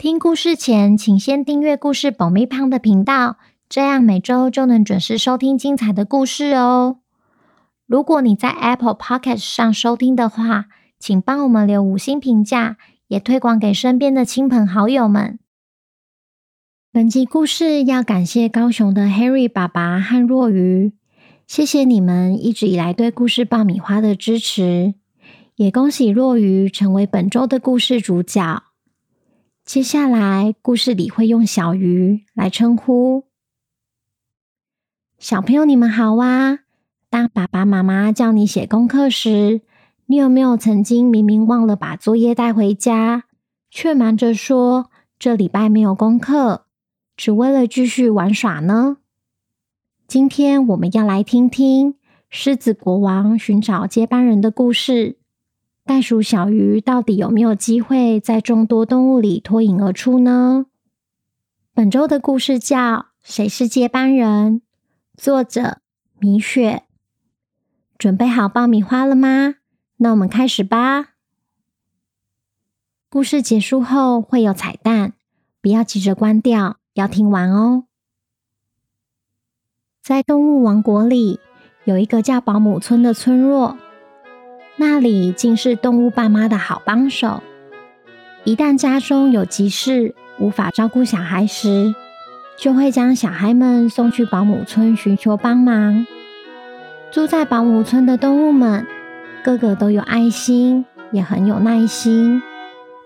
聽故事前，請先訂閱“故事爆米花”的頻道，這樣每周就能準時收聽精彩的故事哦。如果你在 Apple Podcast 上收聽的話，請幫我們留五星評價，也推廣給身邊的親朋好友們。本集故事要感謝高雄的 Harry 爸爸和若愚，謝謝你們一直以來對故事爆米花的支持，也恭喜若愚成為本周的故事主角。接下來，故事裡會用小瑜來稱呼。小朋友你們好啊，當爸爸媽媽叫你寫功課時，你有沒有曾經明明忘了把作業帶回家，卻瞞着說這禮拜沒有功課，只為了繼續玩耍呢？今天我們要來聽聽獅子國王尋找接班人的故事。袋鼠小瑜到底有沒有機會在眾多動物裡脫穎而出呢？本周的故事叫《誰是接班人》，作者米雪。準備好爆米花了嗎？那我們開始吧。故事結束後會有彩蛋，不要急着關掉，要聽完哦。在動物王國裡，有一個叫保姆村的村落。那裡竟是動物爸媽的好幫手。一旦家中有急事，無法照顧小孩時，就會將小孩們送去保姆村尋求幫忙。住在保姆村的動物們，個個都有愛心，也很有耐心，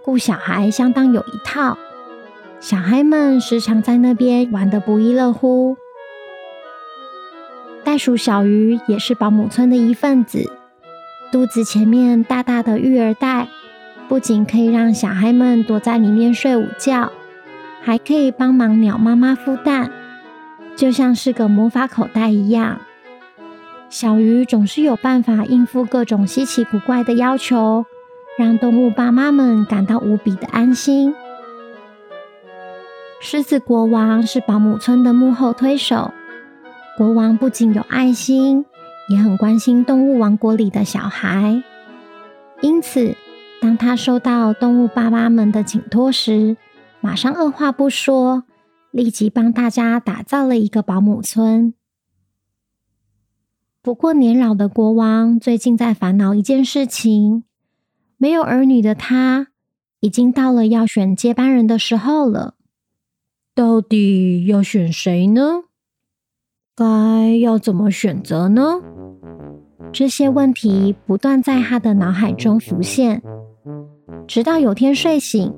顧小孩相當有一套。小孩們時常在那邊玩得不亦樂乎。袋鼠小瑜也是保姆村的一份子。肚子前面大大的育兒袋，不僅可以讓小孩們躲在裡面睡午覺，還可以幫忙鳥媽媽孵蛋，就像是個魔法口袋一樣。小瑜總是有辦法應付各種稀奇古怪的要求，讓動物爸媽們感到無比的安心。獅子國王是保姆村的幕後推手，國王不僅有愛心，也很關心動物王國裡的小孩，因此當他收到動物爸爸們的請託時，馬上二話不說，立即幫大家打造了一個保姆村。不過年老的國王最近在煩惱一件事情，沒有兒女的他，已經到了要選接班人的時候了。到底要選誰呢？該要怎麼選擇呢？這些問題不斷在他的腦海中浮現，直到有天睡醒，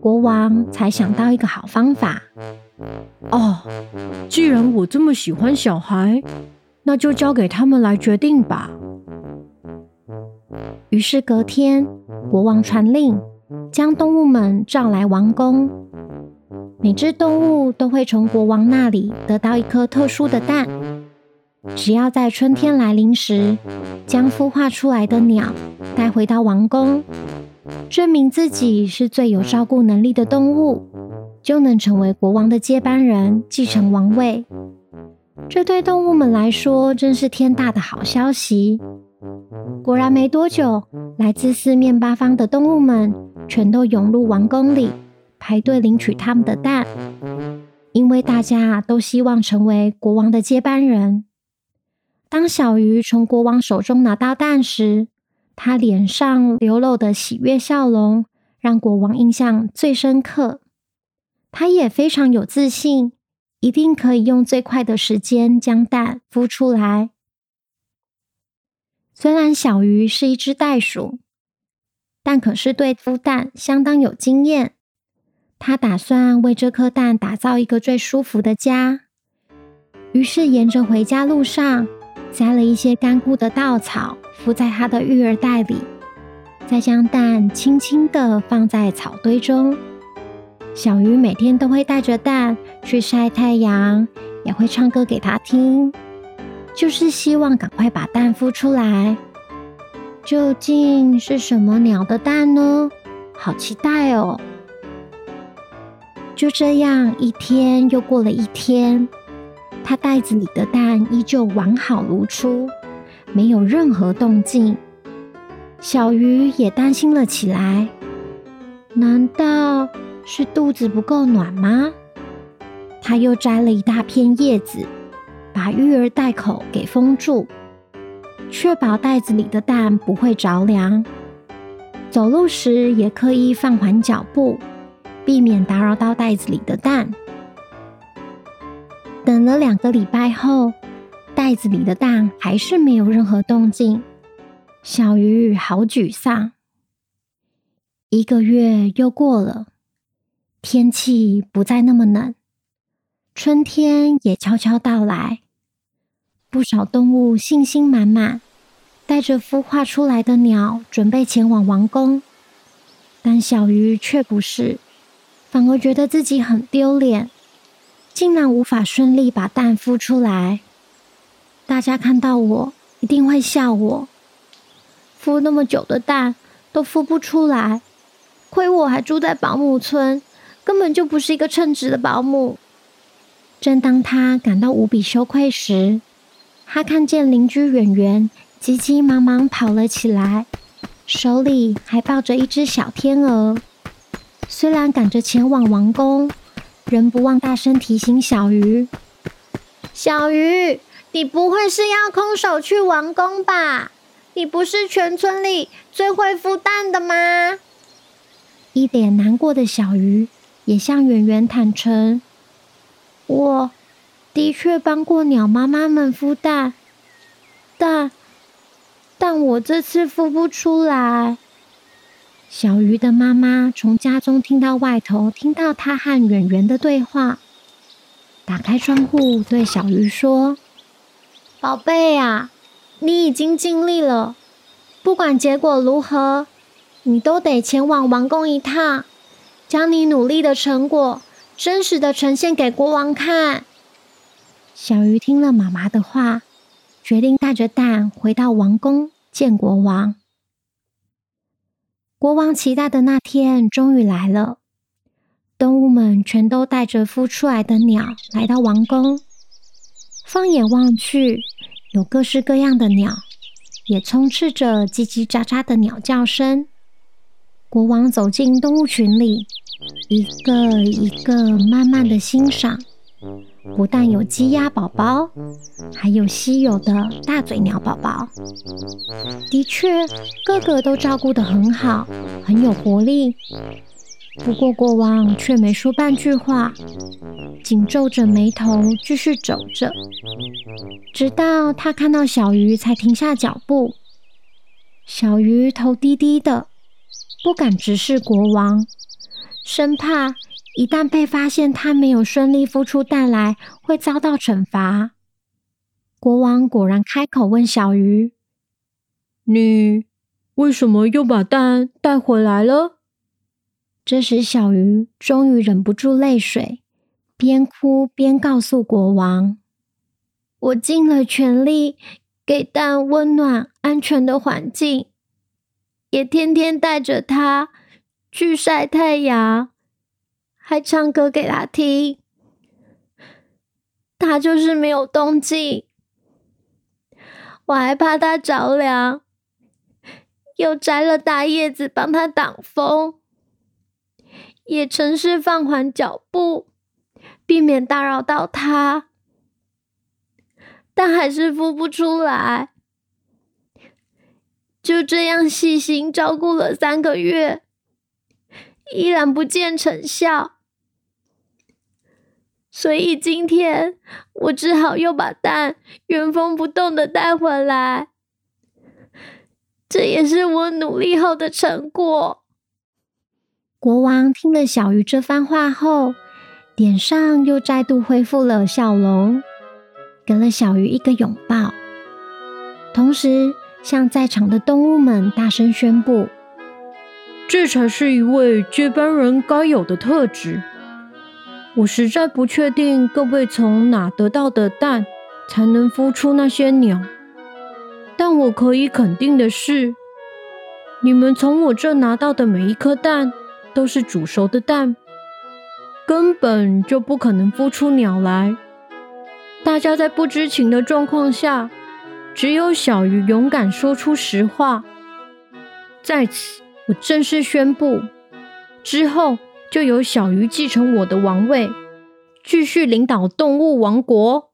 國王才想到一個好方法。哦，既然我這麼喜歡小孩，那就交給他們來決定吧。於是隔天，國王傳令，將動物們召來王宮，每隻動物都會從國王那裡得到一顆特殊的蛋。只要在春天來臨時，將孵化出來的鳥帶回到王宮，證明自己是最有照顧能力的動物，就能成為國王的接班人，繼承王位。這對動物們來說真是天大的好消息。果然沒多久，來自四面八方的動物們全都湧入王宮裡，排隊領取他們的蛋，因為大家都希望成為國王的接班人。當小瑜從國王手中拿到蛋時，他臉上流露的喜悅笑容讓國王印象最深刻。他也非常有自信，一定可以用最快的時間將蛋孵出來。雖然小瑜是一隻袋鼠，但可是對孵蛋相當有經驗。他打算為這顆蛋打造一個最舒服的家，於是沿着回家路上。塞了一些乾枯的稻草，敷在它的育兒袋裡，再將蛋輕輕地放在草堆中。小瑜每天都會帶着蛋去曬太陽，也會唱歌給它聽，就是希望趕快把蛋孵出來。究竟是什麼鳥的蛋呢？好期待哦！就這樣，一天又過了一天。他袋子裡的蛋依舊完好如初，沒有任何動靜。小瑜也擔心了起來，難道是肚子不夠暖嗎？它又摘了一大片葉子，把育兒袋口給封住，確保袋子裡的蛋不會着涼。走路時也刻意放緩腳步，避免打擾到袋子裡的蛋。等了兩個禮拜後，袋子裡的蛋還是沒有任何動靜。小瑜好沮喪。一個月又過了，天氣不再那麼冷，春天也悄悄到來。不少動物信心滿滿，帶着孵化出來的鳥準備前往王宮，但小瑜卻不是，反而覺得自己很丟臉。竟然無法順利把蛋孵出來，大家看到我一定會笑我，孵那麼久的蛋都孵不出來，虧我還住在保姆村，根本就不是一個稱職的保姆。正當他感到無比羞愧時，他看見鄰居圓圓急急忙忙跑了起來，手裡還抱着一隻小天鵝，雖然趕着前往王宮。仍不忘大聲提醒小瑜：“小瑜，你不會是要空手去王宮吧？你不是全村裡最會孵蛋的嗎？”一臉難過的小瑜也向圓圓坦誠：“我的確幫過鳥媽媽們孵蛋，但……但我這次孵不出來。”小魚的媽媽從家中聽到外頭聽到他和圓圓的對話，打開窗戶對小魚說：“寶貝啊，你已經盡力了，不管結果如何，你都得前往王宮一趟，將你努力的成果真實的呈現給國王看。”小魚聽了媽媽的話，決定帶着蛋回到王宮見國王。國王期待的那天終於來了，動物們全都帶着孵出來的鳥來到王宮。放眼望去，有各式各樣的鳥，也充斥着嘰嘰喳喳的鳥叫聲。國王走進動物群裡，一個一個慢慢地欣賞。不但有雞鴨寶寶，還有稀有的大嘴鳥寶寶。的確，個個都照顧得很好，很有活力。不過國王卻沒說半句話，緊皺着眉頭繼續走着，直到他看到小瑜才停下腳步。小瑜頭低低的，不敢直視國王，生怕。一旦被發現，它沒有順利孵出蛋來，會遭到懲罰。國王果然開口問小瑜：“你為什麼又把蛋帶回來了？”這時，小瑜終於忍不住淚水，邊哭邊告訴國王：“我盡了全力給蛋溫暖、安全的環境，也天天帶着它去曬太陽。”還唱歌給他聽，他就是沒有動靜。我還怕他着涼，又摘了大葉子幫他擋風，也嘗試放緩腳步，避免打擾到他，但還是孵不出來。就這樣細心照顧了三個月，依然不見成效。所以今天我只好又把蛋原封不動的帶回來，這也是我努力後的成果。國王聽了小瑜這番話後，臉上又再度恢復了笑容，給了小瑜一個擁抱，同時向在場的動物們大聲宣布：“這才是一位接班人該有的特質。”我實在不確定各位從哪得到的蛋才能孵出那些鳥，但我可以肯定的是，你們從我這拿到的每一顆蛋都是煮熟的蛋，根本就不可能孵出鳥來。大家在不知情的狀況下，只有小瑜勇敢說出實話。在此，我正式宣布，之後，就由小瑜繼承我的王位，繼續領導動物王國。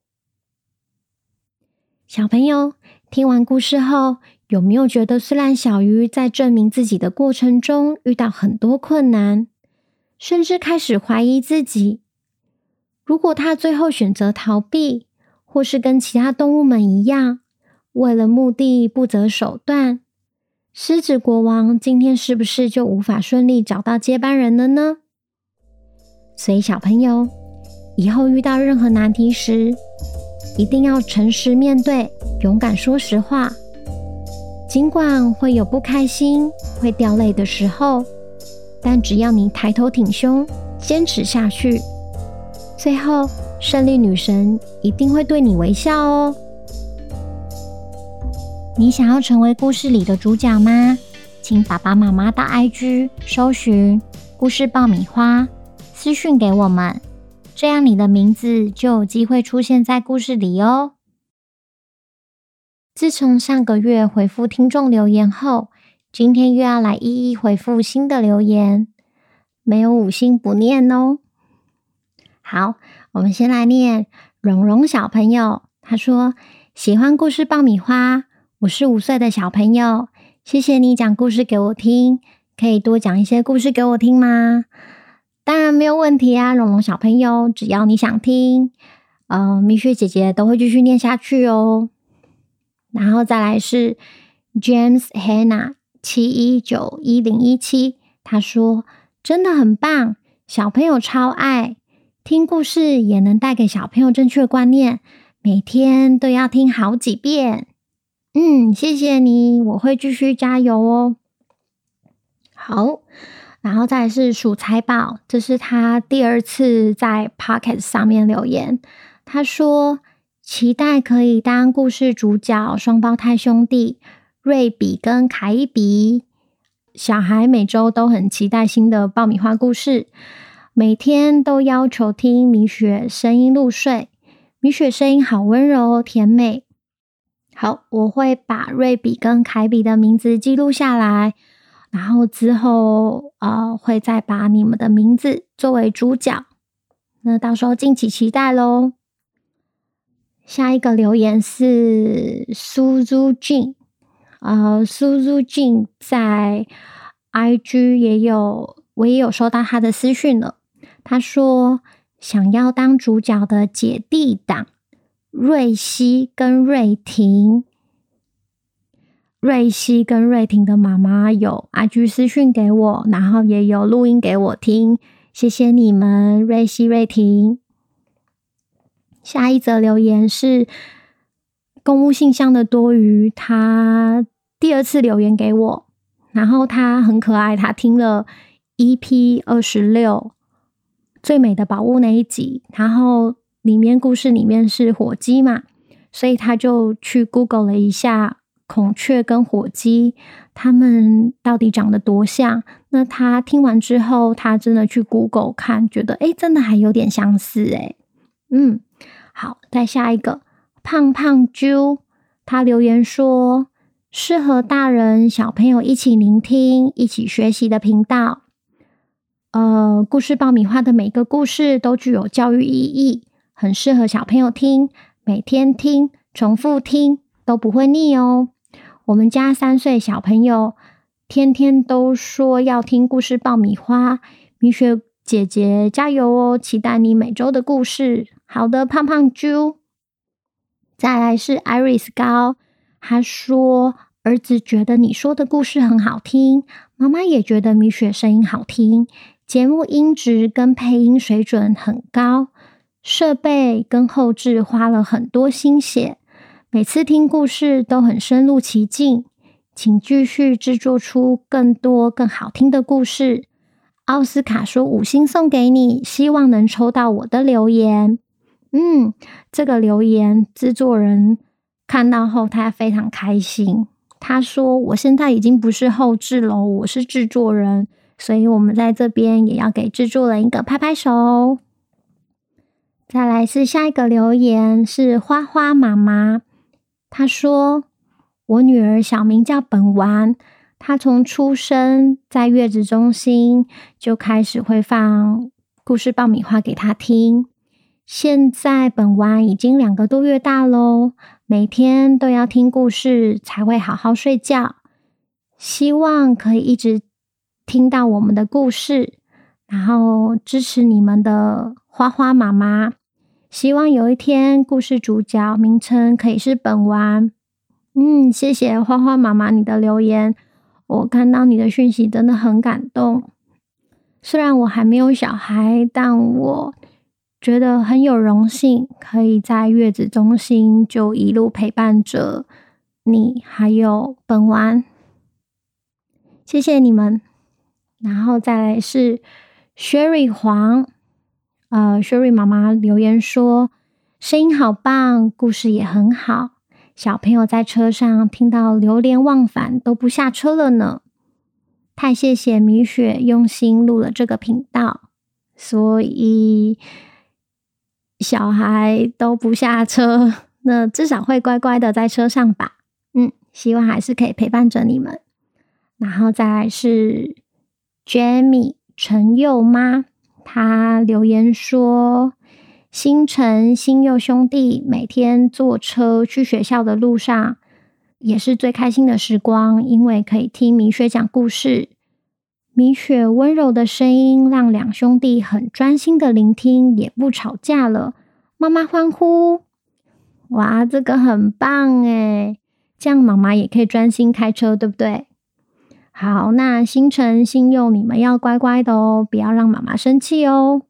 小朋友，聽完故事後，有沒有覺得雖然小瑜在證明自己的過程中遇到很多困難，甚至開始懷疑自己，如果他最後選擇逃避，或是跟其他動物們一樣，為了目的不擇手段，獅子國王今天是不是就無法順利找到接班人了呢？所以，小朋友，以後遇到任何難題時，一定要誠實面對，勇敢說實話。儘管會有不開心、會掉淚的時候，但只要你抬頭挺胸，堅持下去，最後勝利女神一定會對你微笑哦。你想要成為故事裡的主角嗎？請爸爸媽媽到 IG 搜尋“故事爆米花”。私訊給我們這樣你的名字就有機會出現在故事裡哦。自從上個月回復聽眾留言後，今天又要來一一回復新的留言，沒有五星不念哦。好，我們先來念蓉蓉小朋友，她說喜歡故事爆米花，我是五歲的小朋友，謝謝你講故事給我聽，可以多講一些故事給我聽嗎？當然沒有問題啊，龍龍小朋友，只要你想聽，嗯、呃，米雪姐姐都會繼續念下去哦、喔。然後再來是 James Hannah 七一九一零一七，17, 他說真的很棒，小朋友超愛聽故事，也能帶給小朋友正確觀念，每天都要聽好幾遍。嗯，謝謝你，我會繼續加油哦、喔。好。然後再是鼠財寶，這是他第二次在 Pocket 上面留言。他說，期待可以當故事主角雙胞胎兄弟瑞比跟凱比。小孩每周都很期待新的爆米花故事，每天都要求聽米雪聲音入睡。米雪聲音好溫柔甜美。好，我會把瑞比跟凱比的名字記錄下來。然後之後，呃，會再把你們的名字作為主角，那到時候敬請期待嘍。下一個留言是蘇珠俊，呃，蘇珠俊在 IG 也有，我也有收到他的私訊了。他說想要當主角的姐弟檔瑞希跟瑞婷。瑞希跟瑞婷的媽媽有 IG 私訊給我，然後也有錄音給我聽，謝謝你們，瑞希瑞婷。下一則留言是公務信箱的多餘，他第二次留言給我，然後他很可愛，他聽了 EP 26最美的寶物那一集，然後裡面故事裡面是火雞嘛，所以他就去 Google 了一下。孔雀跟火雞，他們到底長得多像？那他聽完之後，他真的去 Google 看，覺得誒、欸、真的還有點相似誒、欸、嗯，好，再下一個胖胖啾，他留言說適合大人小朋友一起聆聽、一起學習的頻道。呃，故事爆米花的每個故事都具有教育意義，很適合小朋友聽，每天聽、重複聽都不會膩哦。我們家三歲小朋友天天都說要聽故事爆米花，米雪姐姐加油哦！期待你每周的故事。好的，胖胖啾。再來是 Iris 高，她說兒子覺得你說的故事很好聽，媽媽也覺得米雪聲音好聽，節目音質跟配音水準很高，設備跟後製花了很多心血。每次聽故事都很深入其境，請繼續製作出更多更好聽的故事。奧斯卡說五星送給你，希望能抽到我的留言。嗯，這個留言製作人看到後，他非常開心。他說：“我現在已經不是後製了，我是製作人。”所以，我們在這邊也要給製作人一個拍拍手。再來是下一個留言，是花花媽媽。他說：“我女兒小名叫本丸，她從出生在月子中心就開始會放故事爆米花給她聽。現在本丸已經兩個多月大嘍，每天都要聽故事才會好好睡覺。希望可以一直聽到我們的故事，然後支持你們的花花媽媽。”希望有一天，故事主角名稱可以是本丸。嗯，謝謝花花媽媽你的留言，我看到你的訊息真的很感動。雖然我還沒有小孩，但我覺得很有榮幸，可以在月子中心就一路陪伴着你還有本丸，謝謝你們。然後再來是 Sherry 黃。呃，Sherry 媽媽留言說：“聲音好棒，故事也很好，小朋友在車上聽到流連忘返，都不下車了呢。太謝謝米雪用心錄了這個頻道，所以小孩都不下車，那至少會乖乖的在車上吧。嗯，希望還是可以陪伴着你們。然後再來是 Jamie 陳佑媽。”他留言說：“星辰星佑兄弟每天坐車去學校的路上，也是最開心的時光，因為可以聽米雪講故事。米雪溫柔的聲音讓兩兄弟很專心的聆聽，也不吵架了。”媽媽歡呼：“哇，這個很棒誒，這樣媽媽也可以專心開車，對不對？”好，那星辰、星佑，你們要乖乖的哦，不要讓媽媽生氣哦。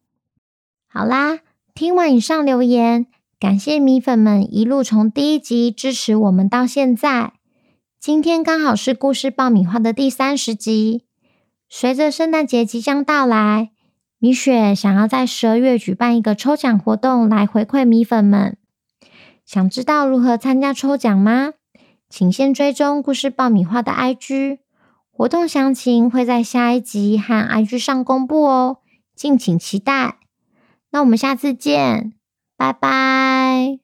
好啦，聽完以上留言，感謝米粉們一路從第一集支持我們到現在。今天剛好是故事爆米花的第三十集，隨着聖誕節即將到來，米雪想要在十二月舉辦一個抽獎活動來回饋米粉們。想知道如何參加抽獎嗎？請先追蹤故事爆米花的 IG。活動詳情會在下一集和 IG 上公布哦，敬請期待。那我們下次見，拜拜。